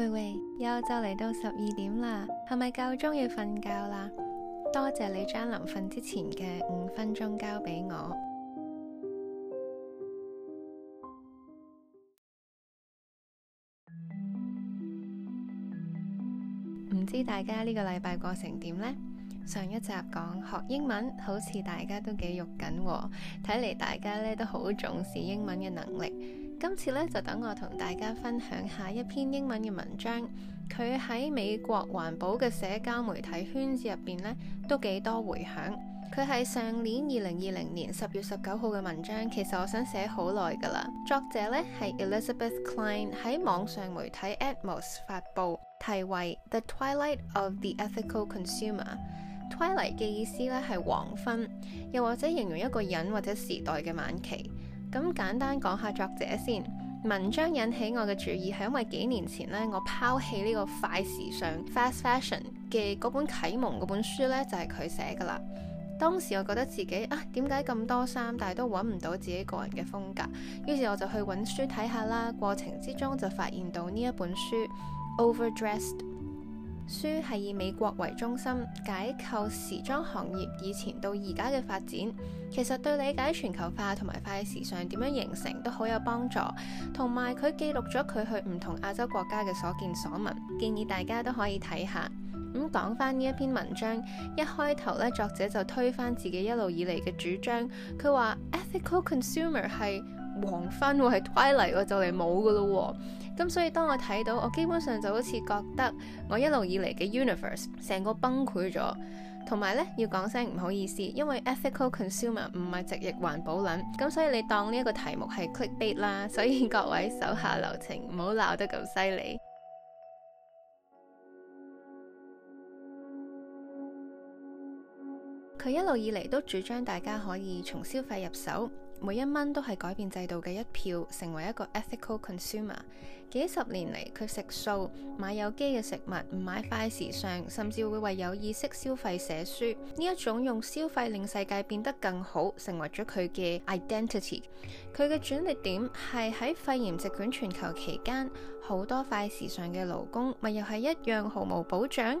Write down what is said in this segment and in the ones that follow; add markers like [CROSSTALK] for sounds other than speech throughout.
喂喂，又就嚟到十二點啦，係咪夠鐘要瞓覺啦？多謝你將臨瞓之前嘅五分鐘交俾我。唔 [MUSIC] 知大家呢個禮拜過程點呢？上一集講學英文，好似大家都幾肉緊，睇嚟大家呢都好重視英文嘅能力。今次咧就等我同大家分享下一篇英文嘅文章，佢喺美國環保嘅社交媒體圈子入邊呢，都幾多回響。佢係上年二零二零年十月十九號嘅文章，其實我想寫好耐噶啦。作者呢，係 Elizabeth Cline，喺網上媒體 Atmos 發布，題為《The Twilight of the Ethical Consumer》。Twilight 嘅意思咧係黃昏，又或者形容一個人或者時代嘅晚期。咁簡單講下作者先，文章引起我嘅注意係因為幾年前呢，我拋棄呢個快時尚 fast fashion 嘅嗰本啟蒙嗰本書呢，就係佢寫噶啦。當時我覺得自己啊，點解咁多衫，但係都揾唔到自己個人嘅風格，於是我就去揾書睇下啦。過程之中就發現到呢一本書 Overdressed。書係以美國為中心解構時裝行業以前到而家嘅發展，其實對理解全球化同埋快時尚點樣形成都好有幫助。同埋佢記錄咗佢去唔同亞洲國家嘅所見所聞，建議大家都可以睇下。咁講翻呢一篇文章，一開頭咧作者就推翻自己一路以嚟嘅主張，佢話 ethical consumer 係。黃昏喎，係 twilight 就嚟冇噶咯喎，咁、啊啊、所以當我睇到，我基本上就好似覺得我一路以嚟嘅 universe 成個崩潰咗，同埋呢，要講聲唔好意思，因為 ethical consumer 唔係直譯環保撚，咁所以你當呢一個題目係 click bait 啦，所以各位手下留情，唔好鬧得咁犀利。佢 [MUSIC] 一路以嚟都主張大家可以從消費入手。每一蚊都係改變制度嘅一票，成為一個 ethical consumer。幾十年嚟，佢食素，買有機嘅食物，唔買快時尚，甚至會為有意識消費寫書。呢一種用消費令世界變得更好，成為咗佢嘅 identity。佢嘅轉捩點係喺肺炎席捲全球期間，好多快時尚嘅勞工咪又係一樣毫無保障。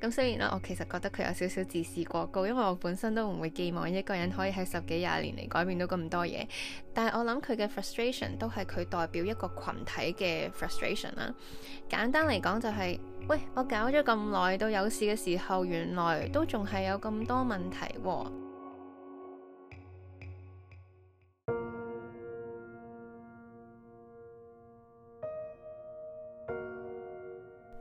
咁雖然咧，我其實覺得佢有少少自視過高，因為我本身都唔會寄望一個人可以喺十幾廿年嚟改變到咁多嘢。但係我諗佢嘅 frustration 都係佢代表一個群體嘅 frustration 啦。簡單嚟講就係，是，喂，我搞咗咁耐，到有事嘅時候，原來都仲係有咁多問題喎。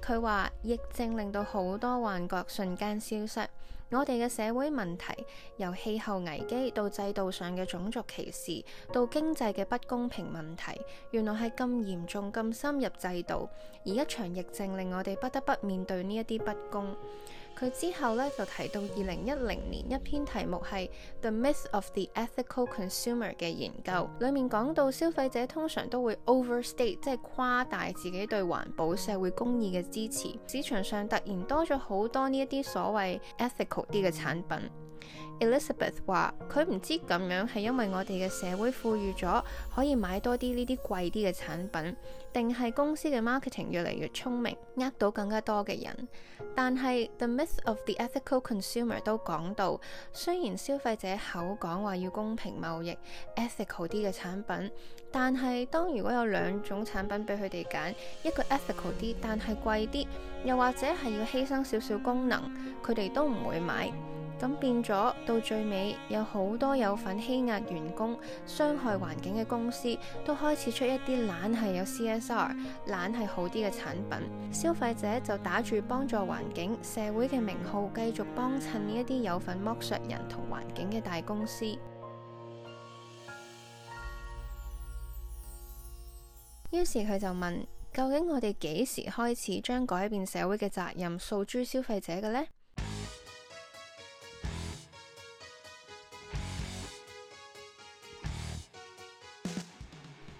佢話，疫症令到好多幻覺瞬間消失，我哋嘅社會問題，由氣候危機到制度上嘅種族歧視，到經濟嘅不公平問題，原來係咁嚴重、咁深入制度，而一場疫症令我哋不得不面對呢一啲不公。佢之後咧就提到二零一零年一篇題目係《The Myth of the Ethical Consumer》嘅研究，裡面講到消費者通常都會 overstate，即係誇大自己對環保、社會公義嘅支持。市場上突然多咗好多呢一啲所謂 ethical 啲嘅產品。Elizabeth 話佢唔知咁樣係因為我哋嘅社會富裕咗，可以買多啲呢啲貴啲嘅產品，定係公司嘅 marketing 越嚟越聰明，呃到更加多嘅人？但係 The Myth of the Ethical Consumer 都講到，雖然消費者口講話要公平貿易，ethical 啲嘅產品，但係當如果有兩種產品俾佢哋揀，一個 ethical 啲，但係貴啲，又或者係要犧牲少少功能，佢哋都唔會買。咁變咗到最尾，有好多有份欺壓員工、傷害環境嘅公司，都開始出一啲懶係有 CSR、懶係好啲嘅產品。消費者就打住幫助環境、社會嘅名號，繼續幫襯呢一啲有份剝削人同環境嘅大公司。於是佢就問：究竟我哋幾時開始將改變社會嘅責任，訴諸消費者嘅呢？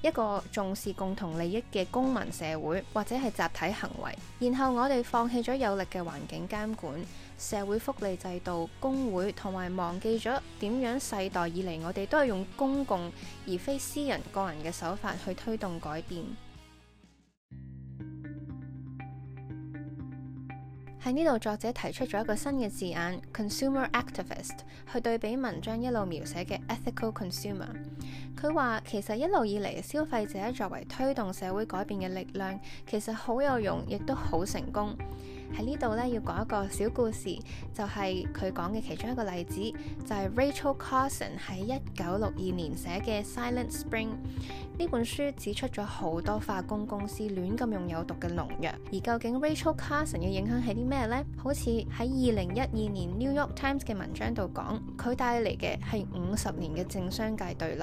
一個重視共同利益嘅公民社會或者係集體行為，然後我哋放棄咗有力嘅環境監管、社會福利制度、工會，同埋忘記咗點樣世代以嚟我哋都係用公共而非私人個人嘅手法去推動改變。喺呢度，作者提出咗一個新嘅字眼 consumer activist，去對比文章一路描寫嘅 ethical consumer。佢話：其實一路以嚟，消費者作為推動社會改變嘅力量，其實好有用，亦都好成功。喺呢度呢，要講一個小故事，就係佢講嘅其中一個例子，就係 Rachel Carson 喺一九六二年寫嘅《Silent Spring》呢本書指出咗好多化工公司亂咁用有毒嘅農藥。而究竟 Rachel Carson 嘅影響係啲咩呢？好似喺二零一二年《New York Times》嘅文章度講，佢帶嚟嘅係五十年嘅政商界對立。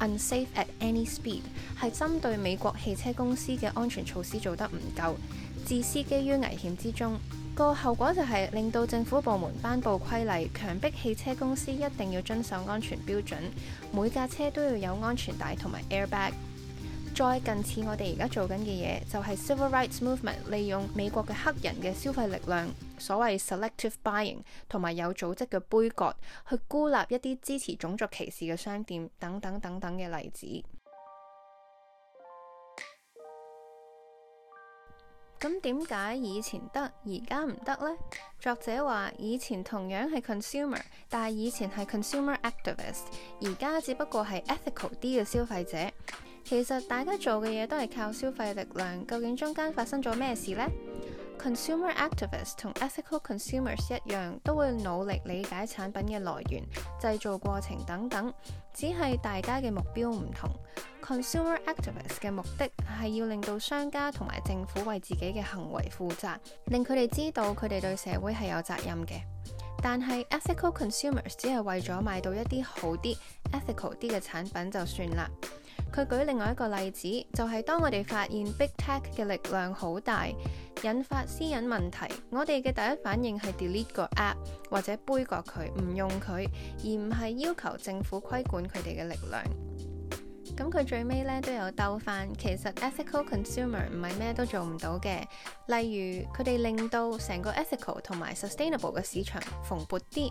Unsafe at any speed 係針對美國汽車公司嘅安全措施做得唔夠，致司機於危險之中，個後果就係、是、令到政府部門頒布規例，強迫汽車公司一定要遵守安全標準，每架車都要有安全帶同埋 airbag。再近似我哋而家做緊嘅嘢，就係 civil rights movement 利用美國嘅黑人嘅消費力量，所謂 selective buying 同埋有組織嘅杯葛，去孤立一啲支持種族歧視嘅商店等等等等嘅例子。咁點解以前得而家唔得呢？作者話以前同樣係 consumer，但係以前係 consumer activist，而家只不過係 ethical 啲嘅消費者。其實大家做嘅嘢都係靠消費力量，究竟中間發生咗咩事呢？Consumer activists 同 ethical consumers 一樣，都會努力理解產品嘅來源、製造過程等等，只係大家嘅目標唔同。Consumer activists 嘅目的係要令到商家同埋政府為自己嘅行為負責，令佢哋知道佢哋對社會係有責任嘅。但係 ethical consumers 只係為咗買到一啲好啲、ethical 啲嘅產品就算啦。佢舉另外一個例子，就係、是、當我哋發現 Big Tech 嘅力量好大，引發私隱問題，我哋嘅第一反應係 delete 個 app 或者杯葛佢，唔用佢，而唔係要求政府規管佢哋嘅力量。咁佢最尾呢都有兜返，其實 ethical consumer 唔係咩都做唔到嘅，例如佢哋令到成個 ethical 同埋 sustainable 嘅市場蓬勃啲。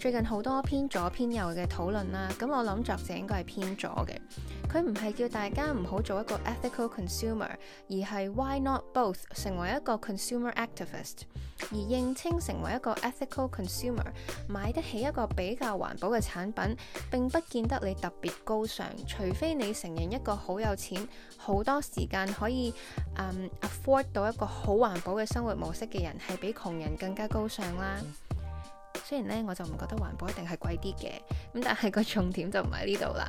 最近好多偏左偏右嘅討論啦，咁我諗作者應該係偏左嘅。佢唔係叫大家唔好做一個 ethical consumer，而係 why not both 成為一個 consumer activist，而認清成為一個 ethical consumer 買得起一個比較環保嘅產品並不見得你特別高尚，除非你承認一個好有錢、好多時間可以嗯、um, afford 到一個好環保嘅生活模式嘅人係比窮人更加高尚啦。雖然呢，我就唔覺得環保一定係貴啲嘅，咁但係個重點就唔喺呢度啦。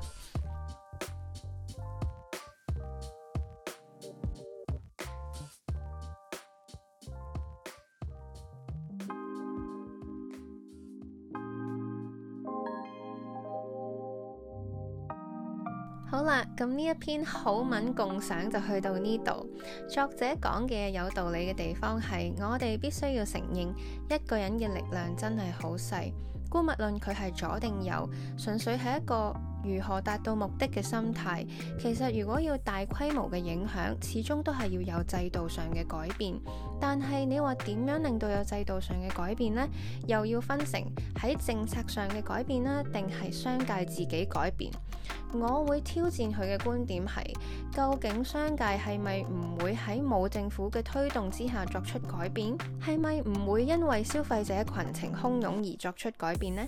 好啦，咁呢一篇好文共賞就去到呢度。作者講嘅有道理嘅地方係，我哋必須要承認一個人嘅力量真係好細。姑勿論佢係左定右，純粹係一個如何達到目的嘅心態。其實如果要大規模嘅影響，始終都係要有制度上嘅改變。但係你話點樣令到有制度上嘅改變呢？又要分成喺政策上嘅改變啦，定係商界自己改變？我會挑戰佢嘅觀點係，究竟商界係咪唔會喺冇政府嘅推動之下作出改變？係咪唔會因為消費者群情洶湧而作出改變呢？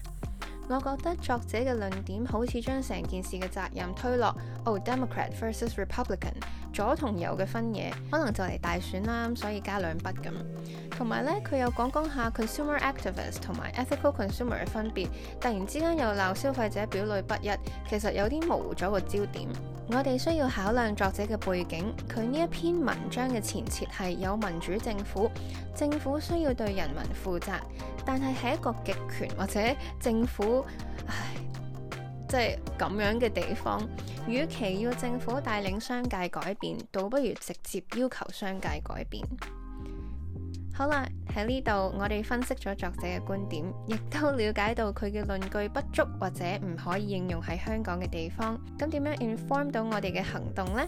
我覺得作者嘅論點好似將成件事嘅責任推落 oh Democrat versus Republican 左同右嘅分野，可能就嚟大選啦，所以加兩筆咁。同埋呢，佢又講講下 cons activist consumer activist 同埋 ethical consumer 嘅分別，突然之間又鬧消費者表裏不一，其實有啲模糊咗個焦點。我哋需要考量作者嘅背景，佢呢一篇文章嘅前設係有民主政府，政府需要對人民負責，但係喺一個極權或者政府。唉，即係咁樣嘅地方，與其要政府帶領商界改變，倒不如直接要求商界改變。好啦，喺呢度我哋分析咗作者嘅觀點，亦都了解到佢嘅論據不足或者唔可以應用喺香港嘅地方。咁點樣 inform 到我哋嘅行動呢？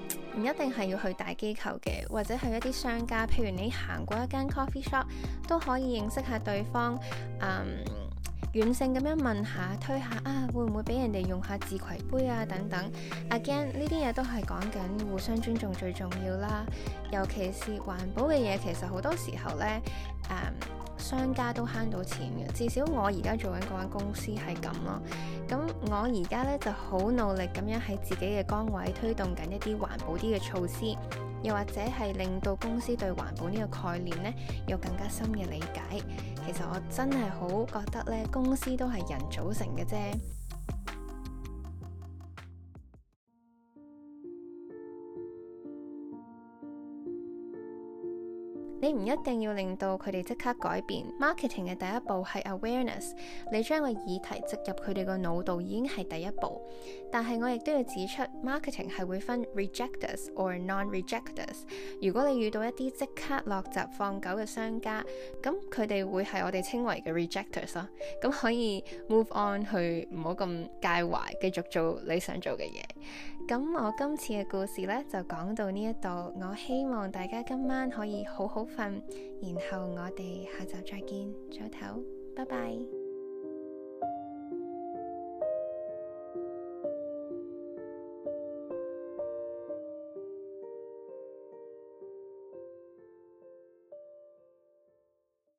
唔一定係要去大機構嘅，或者係一啲商家，譬如你行過一間 coffee shop，都可以認識下對方。嗯，軟性咁樣問下、推下啊，會唔會俾人哋用下自攜杯啊等等？Again，呢啲嘢都係講緊互相尊重最重要啦。尤其是環保嘅嘢，其實好多時候呢，嗯。商家都慳到錢嘅，至少我而家做緊嗰間公司係咁咯。咁我而家咧就好努力咁樣喺自己嘅崗位推動緊一啲環保啲嘅措施，又或者係令到公司對環保呢個概念咧有更加深嘅理解。其實我真係好覺得咧，公司都係人組成嘅啫。唔一定要令到佢哋即刻改變。marketing 嘅第一步係 awareness，你將個議題植入佢哋個腦度已經係第一步。但係我亦都要指出，marketing 係會分 rejectors or non-rejectors。如果你遇到一啲即刻落閘放狗嘅商家，咁佢哋會係我哋稱為嘅 rejectors 咯。咁可以 move on 去唔好咁介懷，繼續做你想做嘅嘢。咁我今次嘅故事呢，就講到呢一度，我希望大家今晚可以好好瞓，然後我哋下集再見，早唞，拜拜。